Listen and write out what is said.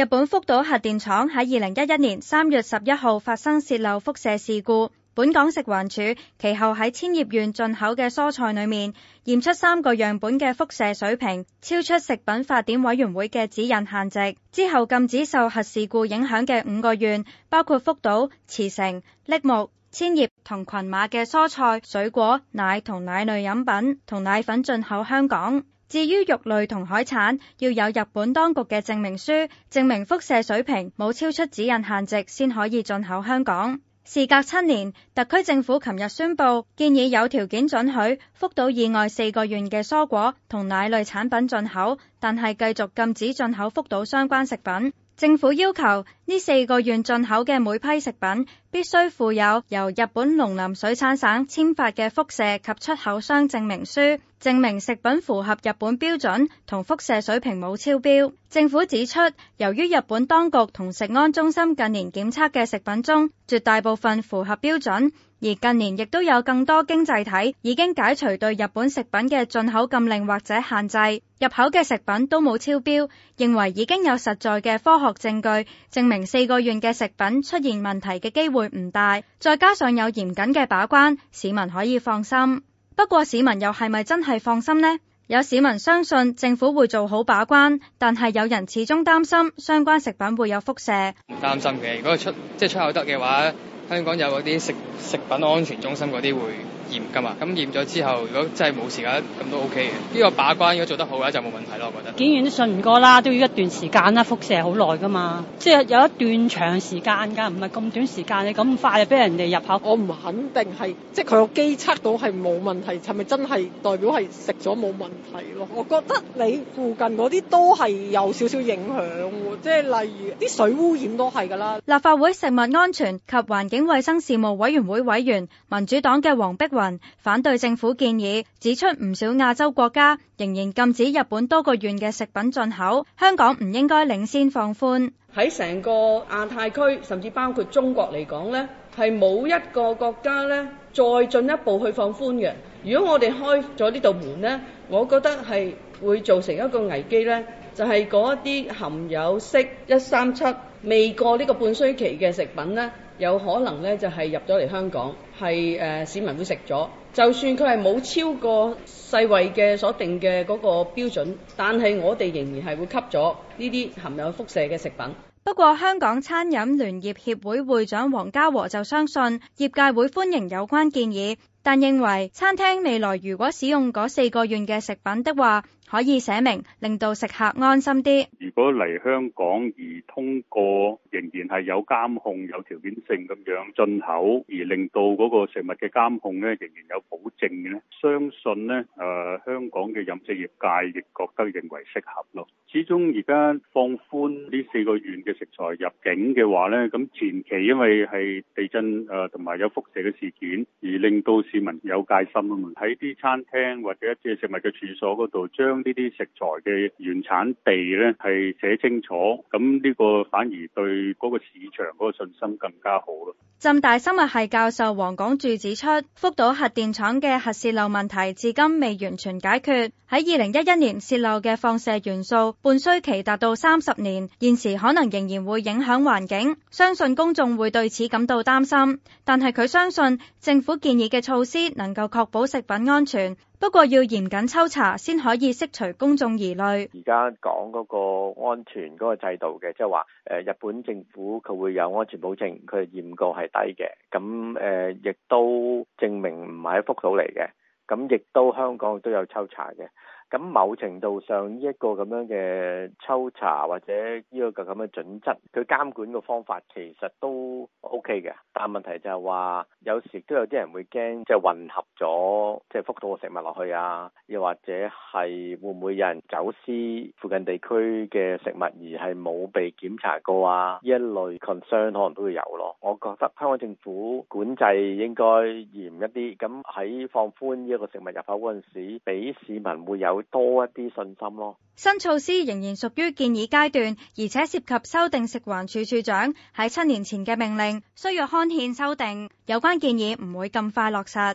日本福島核電廠喺二零一一年三月十一號發生洩漏輻射事故，本港食環署其後喺千葉縣進口嘅蔬菜裏面，驗出三個樣本嘅輻射水平超出食品法典委員會嘅指引限值，之後禁止受核事故影響嘅五個縣，包括福島、茨城、栃木、千葉同群馬嘅蔬菜、水果、奶同奶類飲品同奶粉進口香港。至於肉類同海產，要有日本當局嘅證明書，證明輻射水平冇超出指引限值，先可以進口香港。事隔七年，特區政府琴日宣布，建議有條件准許福島以外四個縣嘅蔬果同奶類產品進口，但係繼續禁止進口福島相關食品。政府要求呢四個縣進口嘅每批食品必須附有由日本農林水產省簽發嘅輻射及出口商證明書，證明食品符合日本標準同輻射水平冇超標。政府指出，由於日本當局同食安中心近年檢測嘅食品中絕大部分符合標準。而近年亦都有更多經濟體已經解除對日本食品嘅進口禁令或者限制，入口嘅食品都冇超標，認為已經有實在嘅科學證據證明四個縣嘅食品出現問題嘅機會唔大，再加上有嚴謹嘅把關，市民可以放心。不過市民又係咪真係放心呢？有市民相信政府會做好把關，但係有人始終擔心相關食品會有輻射。唔擔心嘅，如果出即係出口得嘅話。香港有嗰啲食食品安全中心嗰啲會。驗噶嘛，咁驗咗之後，如果真係冇時間，咁都 OK 嘅。呢、這個把關如果做得好嘅話，就冇問題咯。我覺得。檢驗都信唔過啦，都要一段時間啦，輻射好耐噶嘛。嗯、即係有一段長時間㗎，唔係咁短時間，你咁快就俾人哋入口？我唔肯定係，即係佢個機測到係冇問題，係咪真係代表係食咗冇問題咯？我覺得你附近嗰啲都係有少少影響喎，即係例如啲水污染都係㗎啦。立法會食物安全及環境衛生事務委員會委員，會委員、民主黨嘅黃碧雲反對政府建議，指出唔少亞洲國家仍然禁止日本多個縣嘅食品進口，香港唔應該領先放寬。喺成個亞太區，甚至包括中國嚟講呢，係冇一個國家呢再進一步去放寬嘅。如果我哋開咗呢道門呢，我覺得係會造成一個危機呢，就係嗰一啲含有銫一三七未過呢個半衰期嘅食品呢。有可能咧就係入咗嚟香港，係誒、呃、市民會食咗，就算佢係冇超過世衞嘅所定嘅嗰個標準，但係我哋仍然係會吸咗呢啲含有輻射嘅食品。不過，香港餐飲聯業協會會會長黃家和就相信業界會歡迎有關建議。但認為餐廳未來如果使用嗰四個縣嘅食品的話，可以寫明，令到食客安心啲。如果嚟香港而通過，仍然係有監控、有條件性咁樣進口，而令到嗰個食物嘅監控咧，仍然有保證嘅呢，相信呢誒、呃、香港嘅飲食業界亦覺得認為適合咯。始終而家放寬呢四個縣嘅食材入境嘅話呢，咁前期因為係地震誒同埋有輻射嘅事件，而令到市民有戒心啊，喺啲餐廳或者一隻食物嘅處所嗰度，將呢啲食材嘅原產地呢係寫清楚，咁呢個反而對嗰個市場嗰個信心更加好咯。浸大生物系教授黃廣柱指出，福島核電廠嘅核泄漏問題至今未完全解決，喺二零一一年泄漏嘅放射元素半衰期達到三十年，現時可能仍然會影響環境。相信公眾會對此感到擔心，但係佢相信政府建議嘅措措施能夠確保食品安全，不過要嚴謹抽查先可以釋除公眾疑慮。而家講嗰個安全嗰個制度嘅，即係話誒，日本政府佢會有安全保證，佢驗過係低嘅，咁誒亦都證明唔係一福島嚟嘅，咁亦都香港都有抽查嘅。咁某程度上，呢一個咁樣嘅抽查或者呢一個咁嘅準則，佢監管嘅方法其實都 OK 嘅。但問題就係話有時都有啲人會驚，即係混合咗，即係福島個食物落去啊，又或者係會唔會有人走私附近地區嘅食物而係冇被檢查過啊？呢一類 concern 可能都會有咯。我覺得香港政府管制應該嚴一啲，咁喺放寬呢一個食物入口陣時，俾市民會有多一啲信心咯。新措施仍然屬於建議階段，而且涉及修訂食環署署長喺七年前嘅命令，需要刊憲修訂，有關建議唔會咁快落實。